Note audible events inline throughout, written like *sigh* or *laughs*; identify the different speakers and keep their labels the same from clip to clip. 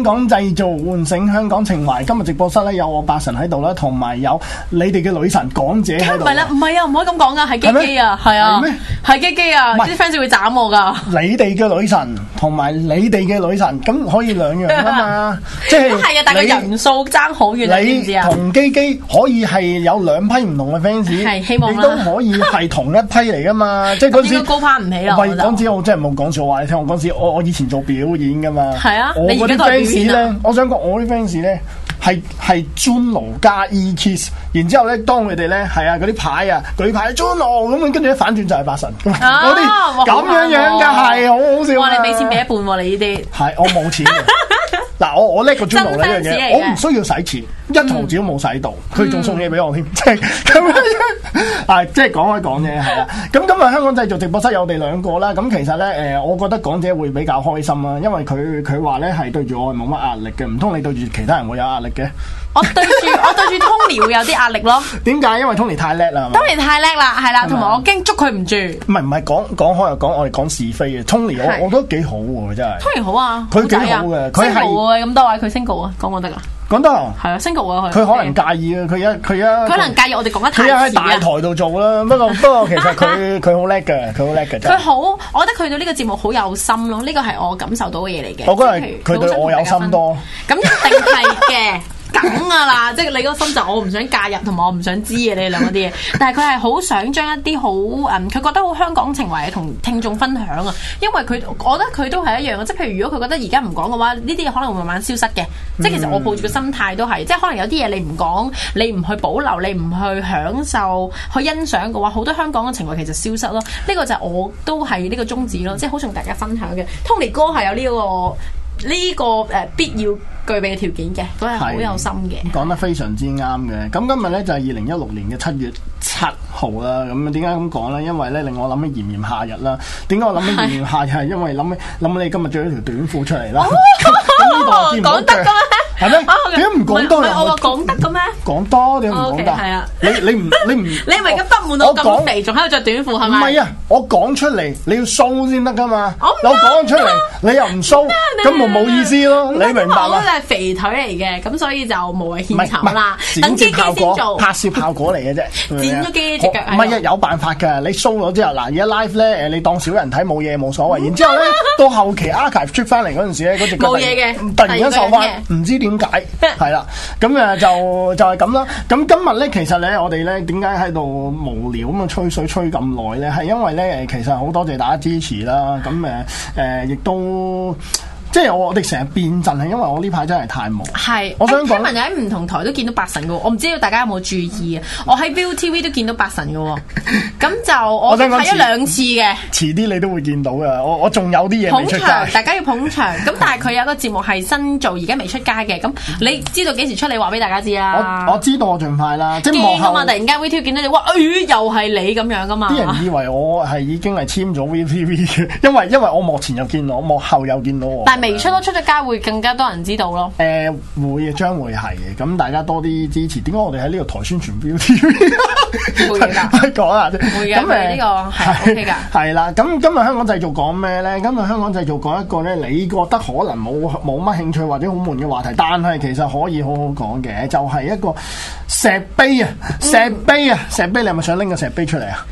Speaker 1: 香港製造喚醒香港情懷。今日直播室咧有我八神喺度啦，同埋有你哋嘅女神港姐喺度。
Speaker 2: 唔係啦，唔係啊，唔可以咁講噶，係基基啊，係啊，係基基啊，啲 fans 會斬我噶。
Speaker 1: 你哋嘅女神同埋你哋嘅女神，咁可以兩樣噶嘛？即係係啊，但係人數爭好遠。你同基基可以係有兩批唔同嘅 fans，希望都可以係同一批嚟噶嘛？即係嗰時高攀唔起啦。喂，講真，我真係冇講錯話。你聽我講先，我我以前做表演噶嘛。係啊，咧，我想講我啲 fans 咧係係尊龍加 E Kiss，然之後咧當佢哋咧係啊嗰啲牌啊舉牌尊龍咁樣，跟住咧反轉就係八神。啲 *laughs* 咁們、啊、樣樣噶係，好好笑、啊。哇，你俾錢俾一半喎、啊，你呢啲係我冇錢嘅。嗱， *laughs* 我我叻過尊龍呢樣嘢，我唔 *laughs* 需要使錢。一毫子都冇使到，佢仲送嘢俾我添，即係咁樣啊！即係講開講嘢，係啦。咁今日香港製造直播室有我哋兩個啦。咁其實咧，誒，我覺得港姐會比較開心啦，因為佢佢話咧係對住我冇乜壓力嘅。唔通你對住其他人會有壓力嘅？我對住
Speaker 2: 我對住 Tony 會有啲壓力
Speaker 1: 咯。點解？因為 Tony 太叻啦。Tony 太叻
Speaker 2: 啦，係啦，同埋我
Speaker 1: 驚捉佢唔住。唔係唔係，講講開又講，我哋講是非嘅。Tony 我我覺得幾好喎，真係。Tony
Speaker 2: 好啊，佢幾好嘅，佢係咁多位佢升告啊，講我得啦。講 *music* 得係啊，星哥啊，佢 *noise* 佢樂可能
Speaker 1: 介意啊，佢一佢一佢 *music* 可能介
Speaker 2: 意我哋講得太大。佢喺大台
Speaker 1: 度做啦，不過不過其實佢佢好叻嘅，佢好叻嘅真。佢 *laughs*
Speaker 2: 好，我覺得佢對呢個節目好有心咯。呢個係我感受到嘅嘢嚟嘅。我覺得佢對我有心多，咁 *music* 一定係嘅。 *laughs* 梗啊啦， *laughs* 即係你個心就我唔想介入，同埋我唔想知啊你哋兩個啲嘢。但係佢係好想將一啲好嗯，佢覺得好香港情懷同聽眾分享啊。因為佢，我覺得佢都係一樣嘅。即係譬如如果佢覺得而家唔講嘅話，呢啲嘢可能會慢慢消失嘅。即係其實我抱住個心態都係，即係可能有啲嘢你唔講，你唔去保留，你唔去享受，去欣賞嘅話，好多香港嘅情懷其實消失咯。呢、這個就我都係呢個宗旨咯，即係好想大家分享嘅。Tony 哥係有呢、這個。呢個誒，必要具備嘅條件嘅，都係好有心嘅。
Speaker 1: 講得非常之啱嘅。咁今日咧就係二零一六年嘅七月七號啦。咁點解咁講咧？因為咧，令我諗起炎炎夏日啦。點解我諗起炎炎夏日係是因為諗起諗起你今日着咗條短褲出嚟啦。咁呢講得噶。我說 要係咩？點解唔講多我話講得嘅咩？講多點解唔講多，係啊！你你唔你唔，你
Speaker 2: 係咁不滿我咁肥？仲喺度着短褲係咪？唔係啊！
Speaker 1: 我講出嚟，你要 show 先得噶嘛？我講出嚟，你又唔 show，咁咪冇意思咯？你明白嗎？我
Speaker 2: 講係肥腿嚟嘅，咁所以就無謂獻醜啦。等機
Speaker 1: 器先拍攝效果嚟嘅啫，剪咗機隻腳。唔係啊，有辦法㗎！你 show 咗之後，嗱而家 live 咧，誒你當少人睇冇嘢冇所謂。然之後咧，到後期 archive 出翻嚟嗰陣時咧，嗰隻腳冇嘢嘅，突然間受翻，唔知點。點解？係啦， *laughs* 咁誒就就係咁啦。咁今日咧，其實咧，我哋咧點解喺度無聊咁啊吹水吹咁耐咧？係因為咧，其實好多謝大家支持啦。咁誒誒，亦都。即係我我哋成日變陣係因為我呢排真係太忙。係是，我想講，聽聞喺唔同台都見到八
Speaker 2: 神嘅喎，我唔知道大家有冇注意啊。我喺 Viu TV 都見到八神嘅喎，咁 *laughs* *laughs* 就我睇咗兩次嘅。
Speaker 1: 遲啲你都會見到嘅。我我仲有啲嘢出街。大
Speaker 2: 家要捧場。咁 *laughs* 但係佢有個節目係新做，而家未出街嘅。咁你知道幾時出嚟話俾大家知啊？我
Speaker 1: 知道我盡快啦。即幕後嘛，
Speaker 2: 突然間 Viu TV 見到你，哇！哎、又係你咁樣噶嘛？啲人以
Speaker 1: 為我係已經係簽咗 Viu TV 因為因為我幕前又見到，我幕後又見到我。但
Speaker 2: 未出都出咗街會更加多人知道咯、呃。
Speaker 1: 會會，將會係嘅。咁大家多啲支持。點解我哋喺呢個台宣傳 ViuTV？係啦，講啦，咁誒呢個係 O K 噶係啦，咁今日香港製造講咩咧？今日香港製造講一個咧，你覺得可能冇冇乜興趣或者好悶嘅話題，但係其實可以好好講嘅，就係一個石碑啊，石碑啊，石碑，你係咪想拎個石碑出嚟啊？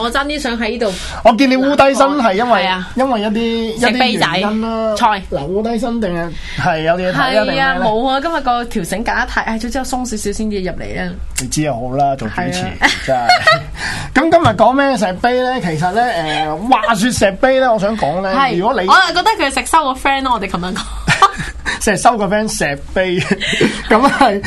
Speaker 1: 我
Speaker 2: 真啲想喺呢度，
Speaker 1: 我見你烏低身係因為因為一啲石碑仔啦，菜留低身定係係有啲嘢睇啊？冇啊，今日個條繩夾得太，唉，總之我鬆少少先至入嚟啊。你知又好啦，做主持。咁 *laughs* 今日講咩石碑咧？其實咧，誒、呃，話說石碑咧，我想講咧，如果你我係
Speaker 2: 覺得佢係石修個 friend 咯，我哋咁樣講，
Speaker 1: 石修個 friend 石碑，咁係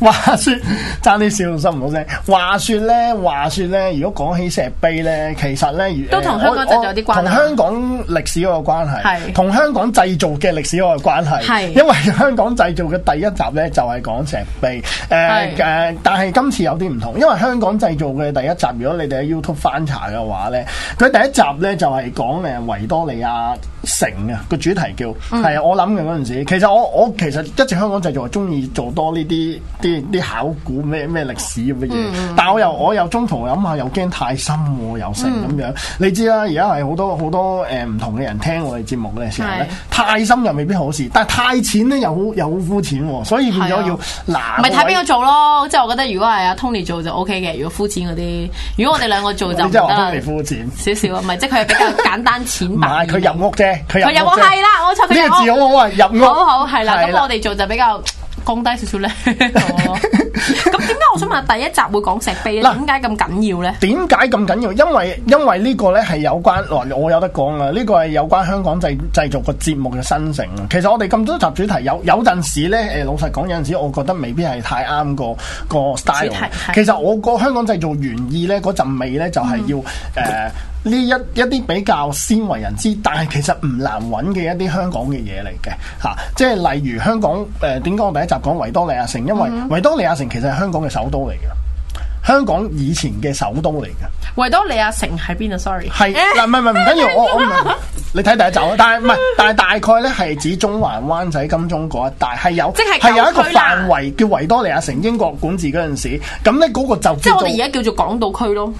Speaker 1: 話說爭啲笑聲唔好聲。話說咧，話說咧，如果講起石碑咧，其實咧、呃、都同香港製造有啲關係，同香港歷史嗰個關係，同是香港製造嘅歷史嗰個關係，係是因為香港製造嘅第一集咧就係、是、講石碑，誒、呃、誒，是但係今次有啲唔同，因為香港製。做嘅第一集，如果你哋喺 YouTube 翻查嘅話咧，佢第一集咧就係講誒維多利亞。成啊，個主題叫係啊，我諗嘅嗰陣時，其實我我其實一直香港製作中意做多呢啲啲啲考古咩咩歷史咁嘅嘢，但係我又我又中途諗下，又驚太深又成咁樣，你知啦。而家係好多好多誒唔同嘅人聽我哋節目嘅時候咧，太深又未必好事，但係太淺咧又好又好膚淺，所以變咗要嗱，咪睇邊
Speaker 2: 個做咯。即係我覺得如果係阿 Tony 做就 OK 嘅，如果膚淺嗰啲，如果我哋兩個做就即我覺得膚淺少少啊，唔係即佢係比較簡單淺
Speaker 1: 白，佢入屋啫。佢又話係啦，欸、入入我錯佢講。呢個字好、嗯、好好啊，入我好
Speaker 2: 好係啦，咁我哋做就比較降低少少咧。咁我想問第一集會講石碑，嗱點
Speaker 1: 解咁緊要呢？點解咁緊要？因為因為呢個咧係有關，嗱我有得講啦。呢、這個係有關香港製製造個節目嘅新城。其實我哋咁多集主題，有有陣時咧，誒老實講有陣時，我覺得未必係太啱個個 style 題。其實我個香港製造原意呢，嗰陣味呢，就係要誒呢一一啲比較鮮為人知，但係其實唔難揾嘅一啲香港嘅嘢嚟嘅吓。即係例如香港誒點解，呃、我第一集講維多利亞城，因為維多利亞城其實係香港嘅首。嗯嗯首都嚟噶，香港以前嘅首都嚟噶。
Speaker 2: 維多利亞城喺邊啊？Sorry，係
Speaker 1: 嗱，唔係唔係唔緊要，我我唔係你睇第一集啊，但係唔係，但係大概咧係指中環、灣仔、金鐘嗰一帶，係有即係有一個範圍叫維多利亞城，英國管治嗰陣時，咁咧嗰個就即係我哋而家叫做港島區咯。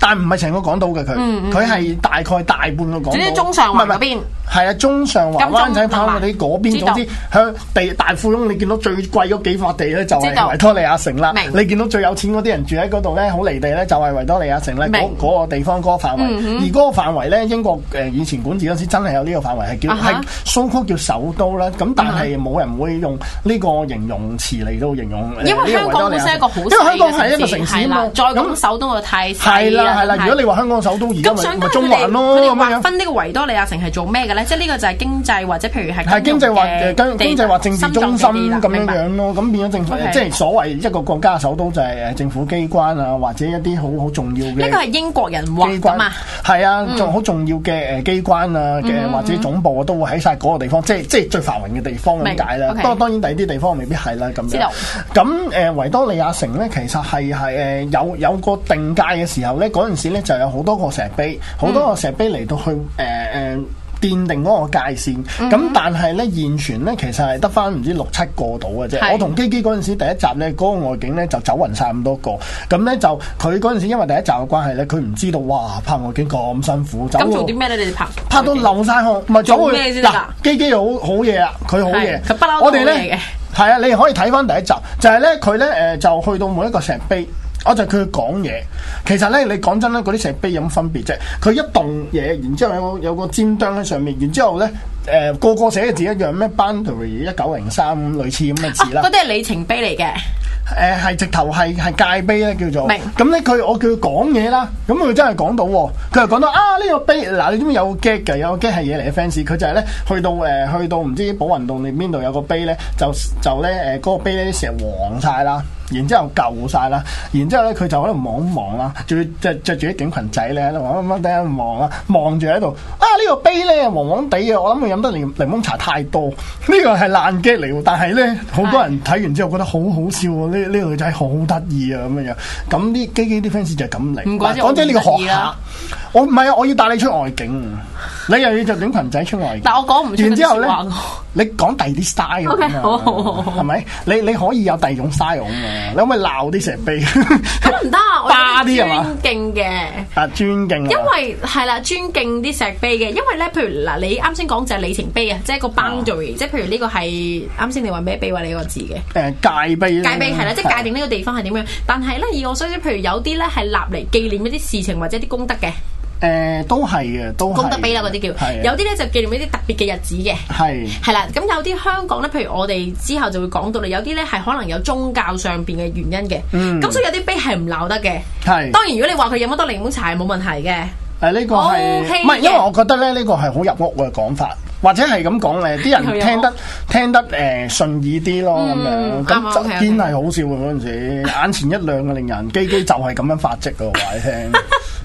Speaker 1: 但唔係成個港島嘅佢，佢係大概大半個港島。總之中上環嗰邊，係啊中上環灣仔跑馬地嗰邊。總之，佢地大富翁，你見到最貴嗰幾塊地咧，就係維多利亞城啦。你見到最有錢嗰啲人住喺嗰度咧，好離地咧，就係維多利亞城咧。嗰個地方嗰個範圍，而嗰個範圍咧，英國誒以前管治嗰時真係有呢個範圍，係叫係蘇庫叫首都咧。咁但係冇人會用呢個形容詞嚟到形容，因為香港本身係一個好，因為香港係一個城市啦。
Speaker 2: 再講首都嘅太
Speaker 1: 係啦，如果你話香港首都而家咪咪中環咯，咁樣分呢個
Speaker 2: 維多利亞城係做咩嘅咧？即係呢個就係經濟或者譬如係係經濟或誒經濟或政治中心咁樣樣
Speaker 1: 咯。咁變咗政府，即係所謂一個國家首都就係誒政府機關啊，或者一啲好好重要嘅呢個係英國人機關嘛？係啊，仲好重要嘅誒機關啊嘅或者總部都會喺晒嗰個地方，即係即係最繁榮嘅地方咁解啦。當然當然，第二啲地方未必係啦咁樣。咁誒維多利亞城咧，其實係係誒有有個定界嘅時候咧。嗰陣時咧就有好多個石碑，好多個石碑嚟到去誒誒、呃、奠定嗰個界線。咁、嗯嗯、但係咧現存咧其實係得翻唔知六七個到嘅啫。是我同基基嗰陣時第一集咧嗰、嗰個外景咧就走勻晒咁多個。咁咧就佢嗰陣時因為第一集嘅關係咧，佢唔知道哇，拍外景咁辛苦。咁做啲
Speaker 2: 咩咧？你哋拍
Speaker 1: 拍到流晒血，唔係做咩先啦？基基又好好嘢啊！佢好嘢，佢不嬲。我哋咧係啊，你可以睇翻第一集，就係咧佢咧誒就去到每一個石碑。我就佢講嘢，其實咧你講真咧，嗰啲石碑有乜分別啫？佢、就是、一棟嘢，然之後有有個尖釘喺上面，然之後咧。誒個個寫嘅字一樣咩？Boundary 一九零三類似咁嘅字啦。嗰啲
Speaker 2: 係里程碑嚟嘅。
Speaker 1: 誒係、呃、直頭係係界碑咧叫做。明白。咁咧佢我叫佢講嘢啦，咁佢真係講到。佢又講到啊呢、這個碑嗱、啊、你知唔知有個 gag 嘅？有個 gag 係嘢嚟嘅 fans。佢就係咧去到誒、呃、去到唔知寶雲洞定邊度有個碑咧，就就咧誒嗰個碑咧成日黃晒啦，然之後舊晒啦，然之後咧佢就喺度望一望啦，仲要著著住啲短裙仔咧喺度乜乜望啊望住喺度啊呢、這個碑咧黃黃地嘅。我諗佢飲得檸檬茶太多，呢個係爛 get 嚟，但係咧好多人睇完之後覺得好好笑，呢呢、啊、女仔好得意啊咁樣，咁啲基基啲 fans 就係咁嚟，講咗你個學下，我唔係啊，我要帶你出外景。你又要着短裙仔出嚟？但我講唔出後後你講第二啲 style 啊，OK，好好好，係咪？你你可以有第二種 style 啊嘛？你可唔可以鬧啲石碑，
Speaker 2: 咁唔得啊！我哋要尊敬嘅
Speaker 1: 啊，尊敬。因
Speaker 2: 為係啦，尊敬啲石碑嘅，因為咧，譬如嗱，你啱先講就係里程碑啊，即係個 boundary，即係譬如呢個係啱先你話咩
Speaker 1: 碑話你個字嘅？誒界碑啦。界碑係啦，即係界
Speaker 2: 定呢個地方係點樣？但係咧，以我所知，譬如有啲咧係立嚟紀念一啲事情或者啲功德嘅。
Speaker 1: 誒，都係嘅，都係功德碑
Speaker 2: 啦，嗰啲叫，有啲咧就紀念呢啲特別嘅日子嘅，係係啦，咁有啲香港咧，譬如我哋之後就會講到啦，有啲咧係可能有宗教上邊嘅原因嘅，咁所以有啲碑係唔鬧得嘅，係。當然如果你話佢飲得多檸檬茶係冇問題嘅，誒呢個唔係，因為我
Speaker 1: 覺得咧呢個係好入屋嘅講法，或者係咁講咧，啲人聽得聽得誒順耳啲咯，咁樣咁真係好笑啊！嗰陣時眼前一亮嘅令人機機就係咁樣發跡啊！話你聽。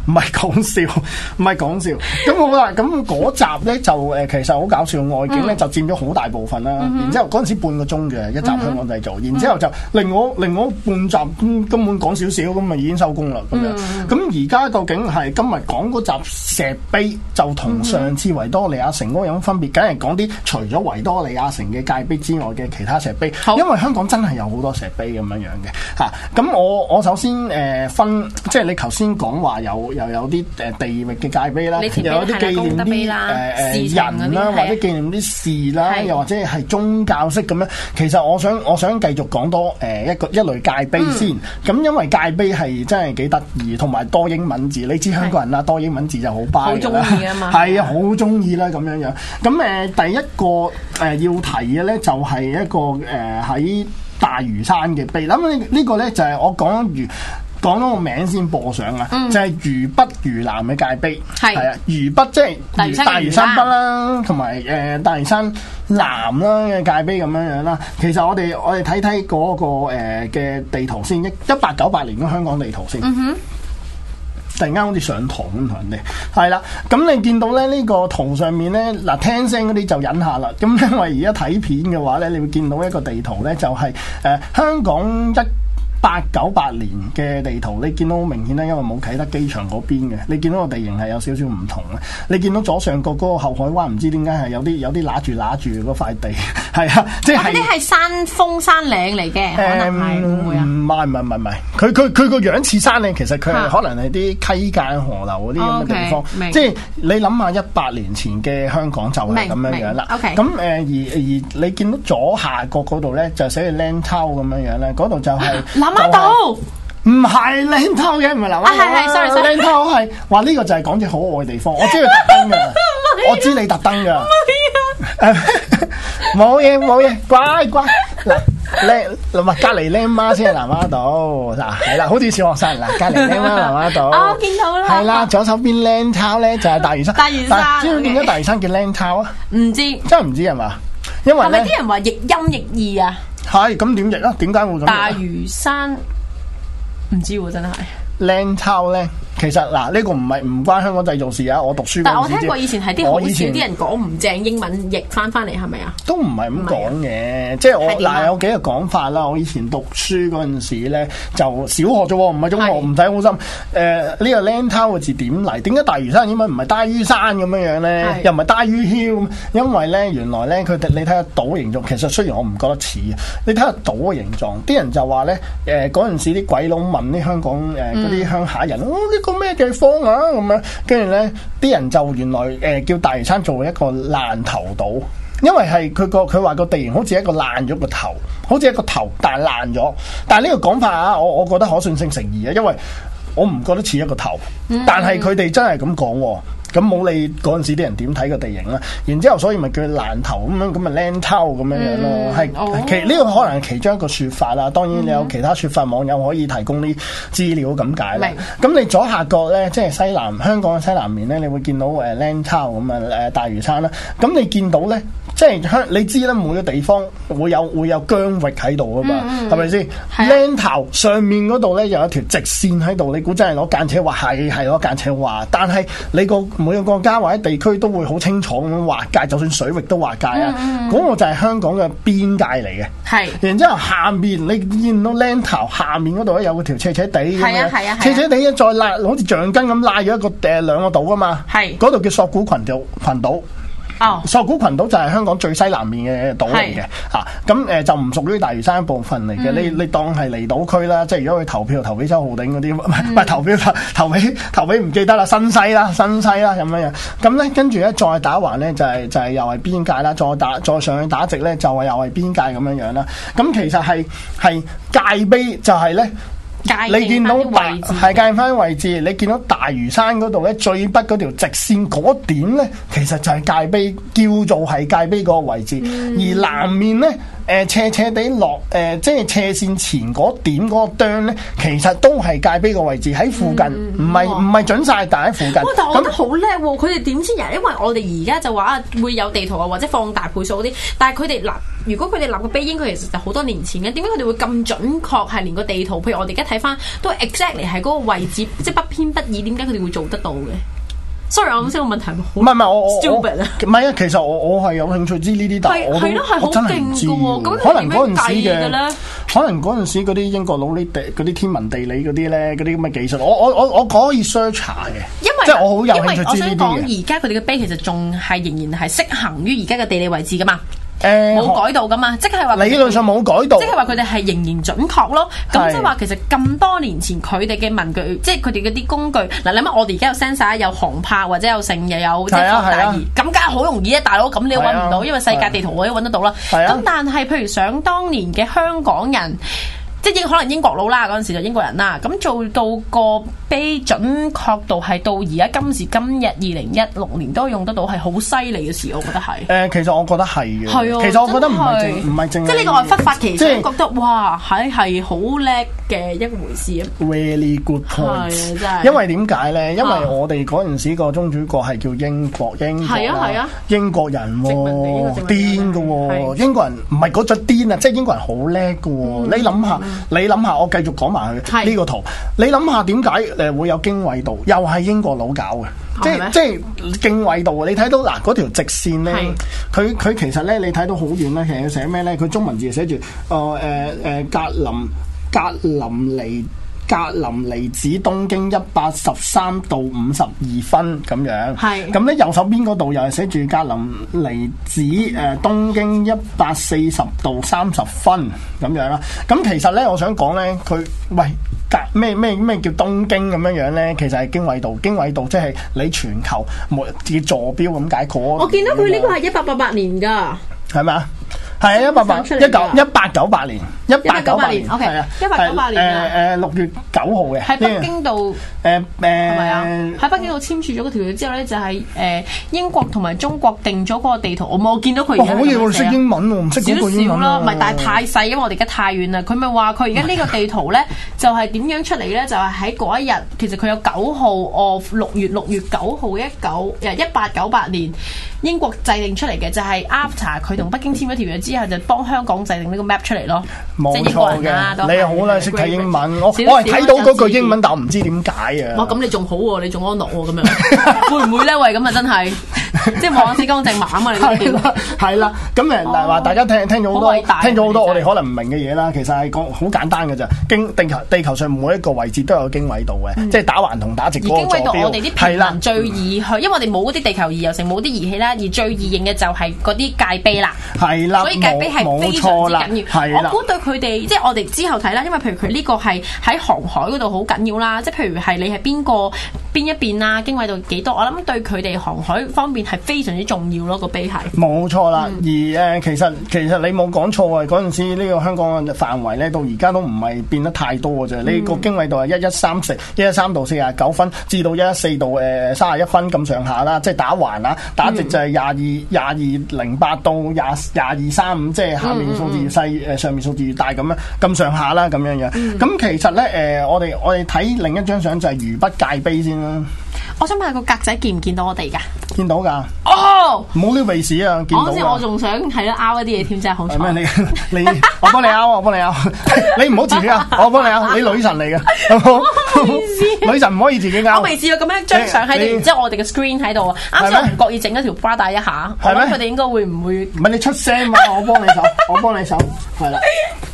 Speaker 1: 唔係講笑，唔係講笑。咁我話咁嗰集呢，就誒，其實好搞笑外景呢，就佔咗好大部分啦。Mm hmm. 然之後嗰陣時半個鐘嘅一集香港製造，mm hmm. 然之後就令我令我半集、嗯、根本講少少咁，咪已經收工啦咁樣。咁而家究竟係今日講嗰集石碑，就同上次維多利亞城嗰樣分別，梗係、mm hmm. 講啲除咗維多利亞城嘅界碑之外嘅其他石碑，好因為香港真係有好多石碑咁樣樣嘅吓。咁、啊、我我首先誒分，即係你頭先講話有。又有啲誒地域嘅界碑啦，又有啲紀念啲誒誒人啦，或者紀念啲事啦，的又或者係宗教式咁樣。其實我想我想繼續講多誒一個一類界碑先。咁、嗯、因為界碑係真係幾得意，同埋多英文字。你知香港人啦，的多英文字就好 by 啦。係啊，好中意啦咁樣樣。咁誒，第一個誒要提嘅咧，就係一個誒喺大嶼山嘅碑。諗呢呢個咧，就係我講完。講到個名先播上啊，嗯、就係嶼北嶼南嘅界碑，係是啊，嶼北即係大嶼山北啦，同埋誒大嶼山南啦嘅界碑咁樣樣啦。其實我哋我哋睇睇嗰個誒嘅，呃、地圖先，一一八九八年嘅香港地圖先。嗯、哼突然間好似上堂咁同人哋，係啦。咁你見到咧，呢、這個圖上面咧，嗱聽聲嗰啲就忍下啦。咁因為而家睇片嘅話咧，你會見到一個地圖咧，就是，就係誒香港一。八九八年嘅地圖，你見到好明顯啦，因為冇啟德機場嗰邊嘅，你見到個地形係有少少唔同咧。你見到左上角嗰個後海灣，唔知點解係有啲有啲揦住揦住嗰塊地，係 *laughs* 說啊，即係嗰啲
Speaker 2: 係山峰山嶺嚟嘅，唔、嗯、會
Speaker 1: 唔係唔係唔係，佢佢佢個樣似山嶺，其實佢係可能係啲溪澗河流嗰啲咁嘅地方。Okay, 即係你諗下，一百年前嘅香港就係咁樣樣啦。咁誒、okay.，而而你見到左下角嗰度咧，就寫住 land 咁樣樣咧，嗰度就係。 *coughs* 南丫島唔係靚透嘅，唔係南丫。係係，sorry sorry，靚透係話呢個就係講啲好愛嘅地方。我知佢特登㗎， *laughs* 啊、我知你特登㗎。冇嘢冇嘢，乖乖，靚唔係隔離靚媽先係南丫島嗱係啦，啦，好似小學生嗱，隔離靚媽南丫島。 *laughs* 啊，見到啦，係啦，左手邊靚透咧就係大嶼山，大嶼山。知道點解大嶼山叫靚透啊？唔知真係唔知係嘛？因為係咪啲人話亦音亦義啊？係，咁點譯啦？點解會咁？會大嶼山唔知喎、啊，真係靚抄靚。其實嗱，呢個唔係唔關香港製造事啊！我讀書時，但係我聽過以前係啲好少啲人講
Speaker 2: 唔正英文譯翻翻嚟，係咪啊？
Speaker 1: 都唔係咁講嘅，即係我嗱有幾個講法啦。我以前讀書嗰陣時咧，就小學啫，唔係中學，唔使是好心。誒、呃、呢、這個 Lantau 個字點嚟？點解大嶼山英文唔係大嶼山咁樣樣咧？是又唔係大嶼 hill？因為咧，原來咧佢哋你睇下島形狀，其實雖然我唔覺得似啊，你睇下島嘅形狀，啲人就話咧，誒嗰陣時啲鬼佬問啲香港誒嗰啲鄉下人，我、哦哦哦咩地方啊？咁樣，跟住咧，啲人就原來誒、呃、叫大嶼山做一個爛頭島，因為係佢個佢話個地形好似一個爛咗個頭，好似一個頭，但係爛咗。但係呢個講法啊，我我覺得可信性成疑啊，因為我唔覺得似一個頭，但係佢哋真係咁講。咁冇你嗰陣時啲人點睇個地形啦、啊，然之後所以咪叫爛頭咁樣，咁咪 Lantau 咁樣樣咯，係是、哦、其呢個可能係其中一個説法啦。當然你有其他説法，網友可以提供啲資料咁解啦。咁、嗯、你左下角咧，即係西南香港嘅西南面咧，你會見到誒 Lantau 咁嘅誒大嶼山啦。咁你見到咧，即係香你知啦，每個地方會有會有疆域喺度、嗯、啊嘛，係咪先？Lantau 上面嗰度咧有一條直線喺度，你估真係攞間尺畫？係係攞間尺畫，但係你個每個國家或者地區都會好清楚咁樣劃界，就算水域都劃界啊。嗰個、嗯、就係香港嘅邊界嚟嘅。係是，然之後下面你見到嶺頭下面嗰度咧有條斜斜地咁樣，啊啊啊、斜斜地咧再拉，好似橡筋咁拉咗一個誒兩個島啊嘛。係是，嗰度叫索罟群島群島。哦、索罟群島就係香港最西南面嘅島嚟嘅嚇，咁誒是、啊、就唔屬於大嶼山一部分嚟嘅，嗯，你你當係離島區啦。即係如果佢投票投俾周浩鼎嗰啲，唔係唔係投票、嗯、投票投俾投俾唔記得啦，新西啦新西啦咁樣樣。咁咧跟住咧再打橫咧就係、是、就係、是、又係邊界啦，再打再上去打直咧就係又係邊界咁樣樣啦。咁其實係係界碑就係咧。位置你見到大係界翻位置，你見到大嶼山嗰度咧最北嗰條直線嗰點咧，其實就係界碑，叫做係界碑個位置，嗯、而南面咧。誒、呃、斜斜地落誒、呃，即係斜線前嗰點嗰個釘咧，其實都係界碑個位置喺附近，唔係唔係準晒，但喺附近。哇、嗯！但我覺得好叻喎，佢哋點知人？因為我哋而
Speaker 2: 家就話會有地圖啊，或者放大倍數啲。但係佢哋立，如果佢哋立個碑應該，佢其實就好多年前嘅。點解佢哋會咁準確係連個地圖？譬如我哋而家睇翻都 exactly 係嗰個位置，即係不偏不倚。點解佢哋會做得到嘅？sorry，我唔知個問題唔係唔係，我我
Speaker 1: 我唔係啊。其實我我係有興趣知呢啲，但係，係咯，係好勁嘅。咁係點樣計嘅咧？可能嗰陣時啲英國佬啲天文地理啲咧、啲咁嘅技術，我我我我可以 search 查嘅。因為即我好有興趣知呢啲。而
Speaker 2: 家佢哋嘅碑其實仲係仍然係適應於而家嘅地理位置噶嘛。冇改到噶嘛，即係話理論上冇改到，即係話佢哋係仍然準確咯。咁是即係話其實咁多年前佢哋嘅文具，即係佢哋嗰啲工具。嗱，你諗下我哋而家有 sensor，有航拍或者有成又有即係放大儀，咁梗係好容易咧，啊，大佬。咁你都揾唔到，啊、因為世界地圖、啊，我都揾得到啦。咁、啊，但係譬如想當年嘅香港人。即係可能英國佬啦，嗰陣時就英國人啦，咁做到個碑準確度係到而家今時今日二零一六年都用得到，係好犀利嘅事，我覺得係。
Speaker 1: 誒，其實我覺得係嘅。係的其實我覺得唔係唔係正。是正是即呢個係忽發奇想，
Speaker 2: 覺得哇，係係好叻。
Speaker 1: 嘅一回事啊，Really good point，因為點解咧？因為我哋嗰陣時個宗主國係叫英國，英國啊係啊英國人喎，癲㗎喎，英國人唔係嗰隻癲啊，即係英國人好叻㗎喎。你諗下，你諗下，我繼續講埋佢呢個圖，你諗下點解誒會有經緯度？又係英國佬搞嘅，即係即係經緯度。你睇到嗱嗰條直線咧，佢佢其實咧你睇到好遠咧，其實寫咩咧？佢中文字寫住哦誒誒格林。格林尼格林尼治東經一百十三度五十二分咁樣，係咁咧，右手邊嗰度又係寫住格林尼治誒、呃、東經一百四十度三十分咁樣啦。咁其實咧，我想講咧，佢喂格咩咩咩叫東經咁樣樣咧？其實係經緯度，經緯度即係你全球嘅坐標咁解嗰。我見
Speaker 2: 到佢呢個係一八八八年噶，
Speaker 1: 係咪啊？係啊，一八八一九一八九八年一八九八年，O K，一八九八年啊，誒，六月九號嘅喺北京
Speaker 2: 度誒，係咪啊？喺北京度簽署咗個條約之後咧，就係、是、誒英國同埋中國定咗個地圖，我冇見到佢，哦、好我好似我哋識英文、啊，我唔識呢個英文啦、啊。唔係，但係太細，因為我哋而家太遠啦。佢咪話佢而家呢個地圖咧，就係點樣出嚟咧？就係喺嗰一日，其實佢有九號哦，六月六月九號一九誒，一八九八年英國制定出嚟嘅，就係 after 佢同北京簽咗條約之後。之後就幫香港制定呢個 map 出
Speaker 1: 嚟咯，冇錯嘅。你好啦，識睇是英文，少少我我係睇到嗰句英文，但我唔知點解啊。哇，咁你仲好喎，你仲安樂喎，咁樣
Speaker 2: 會唔會咧？喂，咁啊， *laughs* 會會真係。 *laughs* 即係望住嗰正馬啊！你嗰邊
Speaker 1: 係啦，係啦。咁誒話大家聽聽咗好多，聽咗好多我哋可能唔明嘅嘢啦。其實係講好簡單嘅咋。經地球，地球上每一個位置都有經緯度嘅，即係打橫同打直嗰個。嗯、經緯度我哋啲
Speaker 2: 平民最易去，嗯、因為我哋冇嗰啲地球儀又成冇啲、嗯、儀器啦，而最易認嘅就係嗰啲界碑啦。係
Speaker 1: 啦、嗯，所以界碑係非常之緊要。係啦，我估
Speaker 2: 對佢哋即係我哋之後睇啦，因為譬如佢呢個係喺航海嗰度好緊要啦，即係譬如係你係邊個邊一邊啊？經緯度幾多？我諗對佢哋航海方面。係非常之重要咯，個碑係
Speaker 1: 冇錯啦。嗯、而誒，其實其實你冇講錯啊。嗰陣時呢個香港嘅範圍咧，到而家都唔係變得太多嘅啫。嗯、你個經緯度係一一三四一一三度四十九分，至到一一四度誒三十一分咁上下啦。即係打橫啊，打直就係廿二廿二零八到廿廿二三五，即係下面數字越細，嗯、上面數字越大咁樣咁上下啦咁樣樣。咁、嗯、其實咧誒、呃，我哋我哋睇另一張相就係如不界碑先啦。
Speaker 2: 我想問下個格仔見唔見到我哋㗎？見到㗎。哦，
Speaker 1: 唔好撩鼻屎啊！我知我仲想係咯勾一啲嘢添，真係好彩。係咩？你你，我幫你勾，我幫你勾。你唔好自己勾啊！我幫你勾，你女神嚟嘅。唔好意思，女神唔可以自己噶。我未試過咁樣一張相喺度，然之後我
Speaker 2: 哋嘅 screen 喺度啊，啱先我唔覺意整一條花帶一下，係咩？佢
Speaker 1: 哋應該會唔會？唔係你出聲嘛？我幫你手，我幫你手，係啦。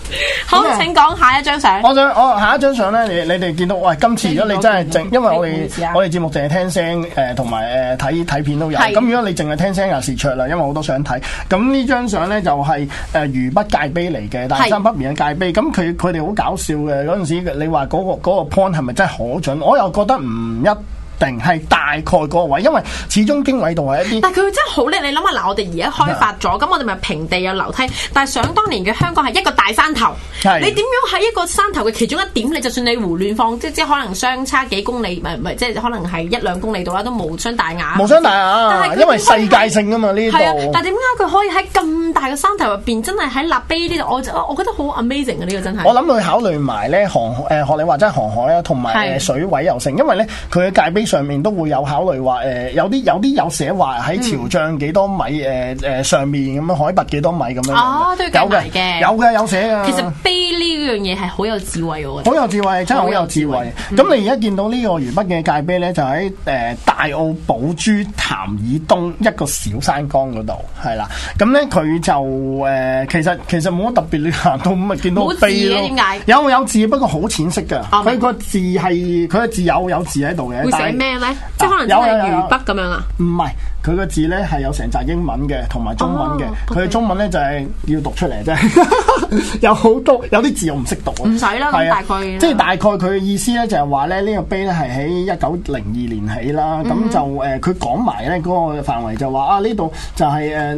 Speaker 1: *laughs* 好，請講下一張相。我想，我、哦、下一張相咧，你你哋見到，喂，今次如果你真係淨，因為我哋、嗯嗯嗯嗯、我哋節目淨係聽聲誒，同埋誒睇睇片都有。咁是如果你淨係聽聲又蝕咗喇，因為好多相睇。咁呢張相咧就係誒如不界碑嚟嘅，但係、就是呃、三不面嘅界碑。咁佢佢哋好搞笑嘅，嗰陣時你話嗰、那個、那個 point 係咪真係可準？我又覺得唔一。定係大概嗰個位，因為始終經緯度係一啲。但係佢
Speaker 2: 真係好叻，你諗下嗱，我哋而家開發咗，咁我哋咪平地有樓梯。但係想當年嘅香港係一個大山頭，的你點樣喺一個山頭嘅其中一點，你就算你胡亂放，即即可能相差幾公里，唔係唔係即係可能係一兩公里度啦，都無傷大雅。無傷大
Speaker 1: 雅。是因為世界性啊嘛呢度。係啊裡，但係
Speaker 2: 點解佢可以喺咁大嘅山頭入邊，真係喺立碑呢度，我我覺得好 amazing 啊！呢個真係。我諗佢
Speaker 1: 考慮埋咧航、誒、呃、學你話齋航海啊，同埋水位遊性，因為咧佢嘅界碑。上面都會有考慮話誒，有啲有啲有寫話喺潮漲幾多米，誒誒上面咁樣，海拔幾多米咁樣，有嘅有嘅有寫嘅。其實
Speaker 2: 碑呢樣嘢係好有智慧我覺得。好有智慧，真係好有
Speaker 1: 智慧。咁你而家見到呢個如北嘅界碑咧，就喺誒大澳寶珠潭以東一個小山崗嗰度，係啦。咁咧佢就誒，其實其實冇乜特別，你行到咁咪見到碑嘅點解？有有字，不過好淺色嘅。佢個字係佢個字有有字喺度嘅，
Speaker 2: 咩咧？啊、即係可能有係如筆
Speaker 1: 咁樣啊？唔係，佢個字咧係有成扎英文嘅，同埋中文嘅。佢嘅、哦、中文咧就係、是、要讀出嚟啫。啊 *laughs* *laughs* 有好多有啲字我唔識讀，唔使啦，的大概。即係大概佢嘅意思咧，就係話咧呢個碑咧係喺一九零二年起啦，咁、嗯、哼就誒佢講埋咧嗰個範圍就話啊，呢度就係誒誒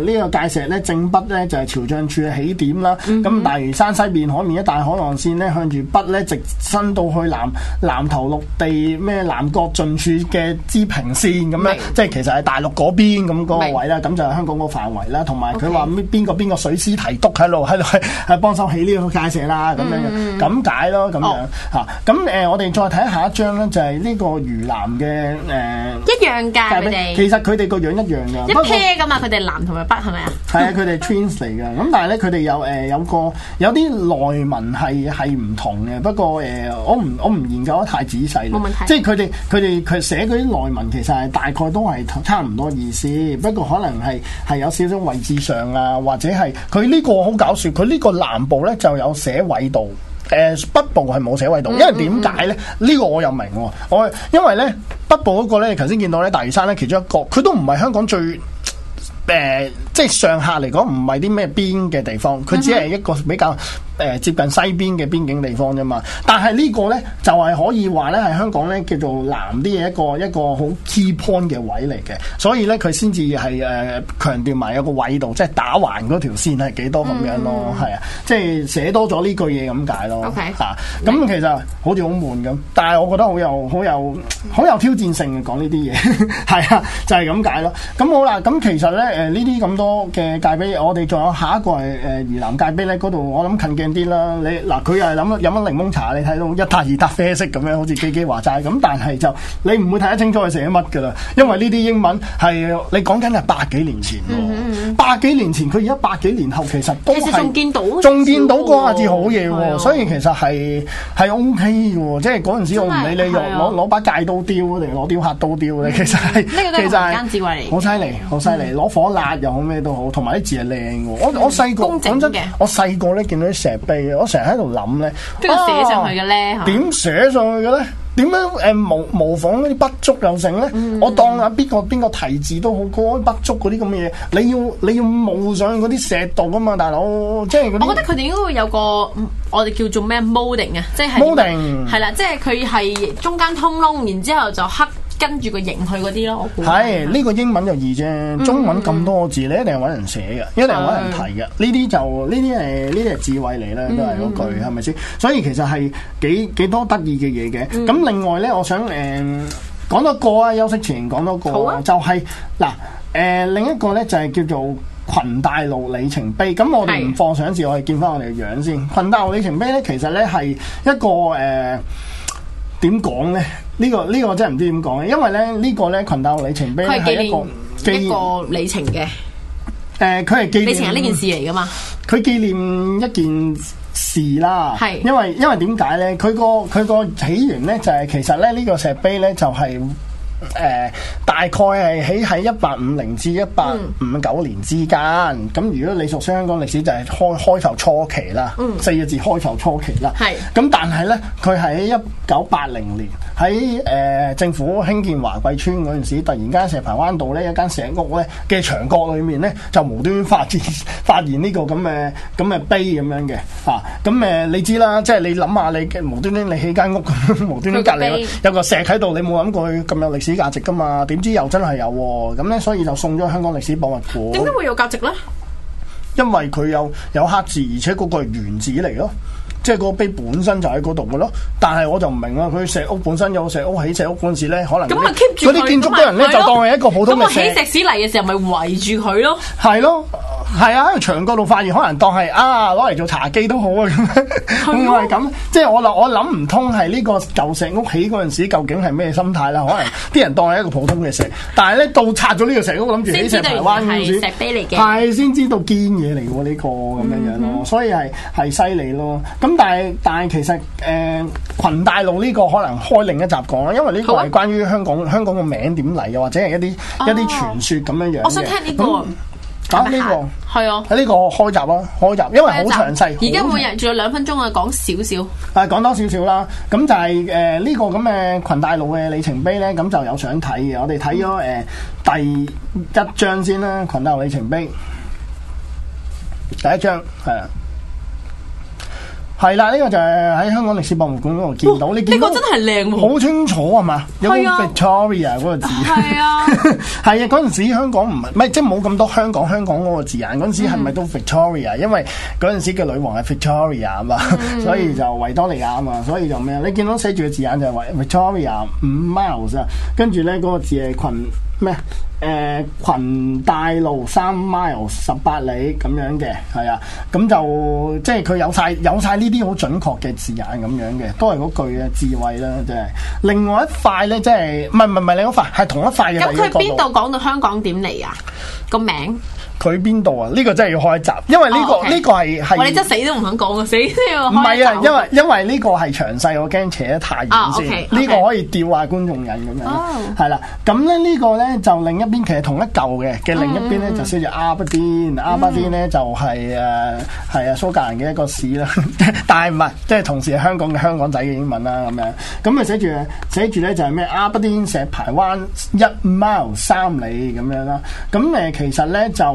Speaker 1: 呢個界石咧正北咧就係潮漲處嘅起點啦，咁、嗯、哼大嶼山西面海面一大海岸線咧向住北咧直伸到去南南頭陸地咩南角盡處嘅支平線咁，白樣，即係其實係大陸嗰邊咁嗰個位啦，咁白就係香港個範圍啦，同埋佢話邊邊個邊個水師提督喺度係幫手起呢個界線啦，咁、嗯、樣咁解咯，咁樣吓。咁誒、呃，我哋再睇下，下一張咧，就係、是、呢個魚腩嘅誒、呃、一樣噶
Speaker 2: 佢哋。其
Speaker 1: 實佢哋個樣一樣噶，一 pair
Speaker 2: 噶嘛，佢哋南同埋
Speaker 1: 北係咪啊？係啊，佢哋 twins 嚟噶。咁但係咧，佢哋有誒有個有啲內文係係唔同嘅。不過誒、呃，我唔我唔研究得太仔細。冇問題。即係佢哋佢哋佢寫嗰啲內文，其實係大概都係差唔多意思。不過可能係係有少少位置上啊，或者係佢呢個好搞笑。佢呢個南部咧就有寫緯度，誒、呃、北部係冇寫緯度，因為點解咧？呢 *music* 個我又明喎、哦，我因為咧北部嗰個咧，你頭先見到咧大嶼山咧，其中一個佢都唔係香港最誒、呃，即係上下嚟講唔係啲咩邊嘅地方，佢只係一個比較。誒接近西邊嘅邊境地方啫嘛，但係呢個咧就係、是、可以話咧係香港咧叫做南啲嘢一個一個好 key point 嘅位嚟嘅，所以咧佢先至係誒強調埋有個緯度，即係打橫嗰條線係幾多咁樣咯，係、嗯、啊，即係寫多咗呢句嘢咁解咯，嚇咁 Okay,、啊、其實好似好悶咁，但係我覺得好有好有好有挑戰性嘅講呢啲嘢，係 *laughs* 啊，就係咁解咯。咁好啦，咁其實咧誒呢啲咁、呃、多嘅界碑，我哋仲有下一個係誒、呃、南界碑咧，嗰度我諗近嘅。啲啦，你嗱佢又係諗飲飲檸檬茶，你睇到一沓、二沓啡色咁樣，好似機機話齋咁，但係就你唔會睇得清楚佢寫乜噶啦，因為呢啲英文係你講緊係百幾年前喎，百幾年前佢而家百幾年後其實都仲見到仲見到下字好嘢喎，哦、所以其實係係 OK 喎，即係嗰陣時我唔理你用攞攞把戒刀雕定攞雕刻刀雕咧，其實係、嗯、其實係好犀利好犀利，攞、嗯、火辣又咩都好，同埋啲字係靚嘅，我我細個講真，我細個咧見到啲石。碑，我成日喺度諗咧，點寫上去嘅咧？點、啊、寫上去嘅咧？點樣誒模模仿啲筆觸又成咧？嗯、我當阿邊個邊個題字都好，嗰啲筆觸嗰啲咁嘅嘢，你要你要模上嗰啲石度啊嘛，大佬，即係我覺得佢
Speaker 2: 哋應該會有個我哋叫做咩 moulding 啊，即係 moulding 係啦，即係佢係中間通窿，然之後就黑。跟住個形去嗰啲咯，我估係呢
Speaker 1: 個英文就易啫，嗯、中文咁多字，你一定揾人寫嘅，嗯、一定揾人提嘅。呢啲就呢啲誒，呢啲智慧嚟啦，都係嗰句係咪先？所以其實係幾幾多得意嘅嘢嘅。咁、嗯、另外咧，我想誒、嗯、講多個啊，休息前講多個、啊、就係嗱誒另一個咧，就係、是、叫做裙帶路里程碑。咁我哋唔放相字，是我哋見翻我哋個樣先。裙帶路里程碑咧，其實咧係一個誒點講咧？呃呢、這個呢、這個我真係唔知點講嘅，因為咧呢、這個咧群島里程碑係一個念一個里程嘅，誒、呃，佢係里程係呢件事
Speaker 2: 嚟噶嘛？
Speaker 1: 佢紀念一件事啦，係是因為因為點解咧？佢個佢個起源咧就係、是、其實咧呢、這個石碑咧就係、是、誒。呃大概係喺喺一八五零至一八五九年之間，咁如果你熟悉香港歷史就係開開埠初期啦，四個字開埠初期啦。係，咁但係呢，佢喺一九八零年喺誒政府興建華貴村嗰陣時，突然間石排灣道呢有間石屋呢嘅牆角裏面呢，就無端端發現發現呢個咁嘅咁嘅碑咁樣嘅，啊，咁誒你知啦，即係你諗下你無端端你起間屋，無端端隔籬有個石喺度，你冇諗過佢咁有歷史價值噶嘛？又真係有咁咧，所，所以就送咗香港歷史博物館。點解會有價
Speaker 2: 值咧？
Speaker 1: 因為佢有有刻字，而且嗰個係原址嚟咯，即係個碑本身就喺嗰度嘅咯。但係我就唔明啦，佢石屋本身有石屋，起石屋嗰陣時咧，可能咁啊 keep 住。所啲建築嘅人咧就當係一個普通嘅起石屎嚟嘅時候，咪圍住佢咯，係咯。係啊，喺牆角度發現，可能當係啊，攞嚟做茶几都好啊，咁樣係咁。即係我我諗唔通係呢個舊石屋起嗰陣時，究竟係咩心態啦？可能啲人當係一個普通嘅石，但係咧到拆咗呢個石屋，諗住起石排灣，石
Speaker 2: 碑嚟嘅。係
Speaker 1: 先知道堅嘢嚟嘅呢個咁樣樣咯。嗯嗯，所以係係犀利咯。咁但係但係其實誒、呃，群大路呢個可能開另一集講啦，因為呢個係關於香港、啊、香港個名點嚟嘅，或者係一啲、哦、一啲傳說咁樣樣嘅。講呢個係啊，喺呢個開集啦，啊，開集，因為好詳細。而家集每日仲有兩分鐘啊，講少少。啊，講多少少啦，咁就係誒呢個咁嘅，呃這個呃《群帶路嘅里程碑呢》咧，咁就有想睇嘅。我哋睇咗誒第一章先啦，《群帶路里程碑》第一章係啊。係啦，呢、這個就係喺香港歷史博物館嗰度見到，呢、哦、你見到呢個真係靚，好清楚啊嘛，有冇 Victoria 嗰個字，係啊，係啊， *laughs* 嗰陣時香港唔係即係冇咁多香港香港嗰個字眼，嗰陣時係咪都 Victoria？嗯、因為嗰陣時嘅女王係 Victoria 嘛，嗯、嘛，所以就維多利亞啊嘛，所以就咩？你見到寫住嘅字眼就係 Victoria 五 Miles，跟住咧嗰個字係群。咩？誒、呃，群大路三 mile 十八里咁樣嘅，係啊，咁就即係佢有晒有晒呢啲好準確嘅字眼咁樣嘅，都係嗰句嘅智慧啦，即係。另外一塊咧，即係唔係唔係唔係，你嗰塊係同一塊嘅。咁佢邊度
Speaker 2: 講到香港點嚟啊？
Speaker 1: 個名？佢邊度啊？呢、呢個真係要開閘，因為呢、呢個呢、oh, okay. 個係係我你真死都
Speaker 2: 唔肯講啊！死都要。唔係啊，因為
Speaker 1: 因為呢個係詳細，我驚扯得太遠先。呢、oh, okay , okay. 個可以吊下觀眾人咁樣。哦，係啦。咁咧呢個咧就另一邊其實同一嚿嘅嘅另一邊咧就寫住阿不甸，亞、oh. 不甸咧就係誒係啊蘇格蘭嘅一個市啦。但係唔係即係同時係香港嘅香港仔嘅英文啦咁樣。咁啊寫住寫住咧就係咩阿不甸石排灣一 mile 三里咁樣啦。咁誒其實咧就。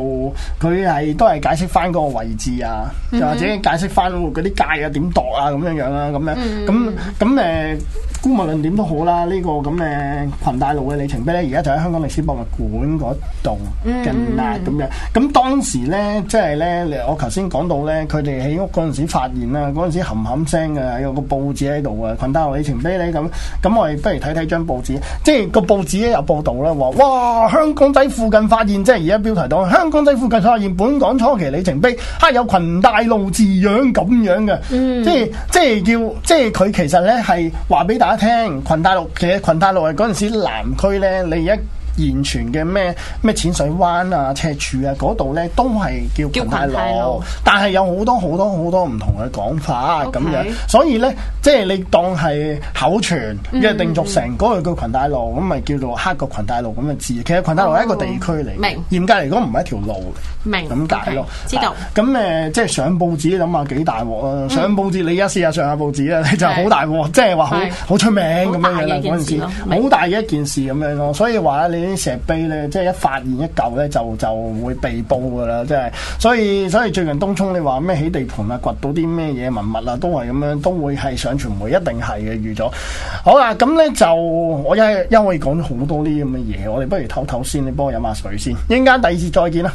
Speaker 1: 佢係都係解釋翻嗰個位置啊，又或者解釋翻嗰啲界啊點度啊咁樣樣啊，咁樣咁咁誒。估無論點都好啦，呢、這個咁嘅、嗯、群帶路嘅里程碑咧，而家就喺香港歷史博物館嗰度近埋咁樣。咁當時咧，即係咧，我頭先講到咧，佢哋起屋嗰陣時發現啦，嗰陣時冚冚聲嘅，有個報紙喺度啊，群帶路里程碑咧咁。咁我哋不如睇睇張報紙，即係個報紙咧有報導啦，話哇香港仔附近發現，即係而家標題黨，香港仔附近發現本港初期里程碑，刻有群帶路字樣咁樣嘅、嗯，即係即係叫即係佢其實咧係話俾大家。一聽群大陸，其實群大陸係嗰陣時南區咧，你而家。現存嘅咩咩淺水灣啊、赤柱啊嗰度咧，都係叫裙帶路，但係有好多好多好多唔同嘅講法咁樣，所以咧即係你當係口傳一定做成嗰樣叫裙帶路，咁咪叫做黑個裙帶路咁嘅字。其實裙帶路係一個地區嚟，嚴格嚟講唔係一條路嚟，明咁解咯。知道咁誒，即係上報紙諗下幾大鑊啊！上報紙你而家試下上下報紙啦，你就好大鑊，即係話好好出名咁樣樣嗰陣時，好大嘅一件事咁樣咯。所以話你。呢啲石碑咧，即係一發現一嚿咧，就就會被報噶啦，即係。所以所以最近東涌你話咩起地盤啊，掘到啲咩嘢文物啦，都係咁樣，都會係上傳媒，一定係嘅預咗。好啦，咁咧就我因因為講咗好多呢咁嘅嘢，我哋不如唞唞先，你幫我飲下水先。一陣間第二次再見啦。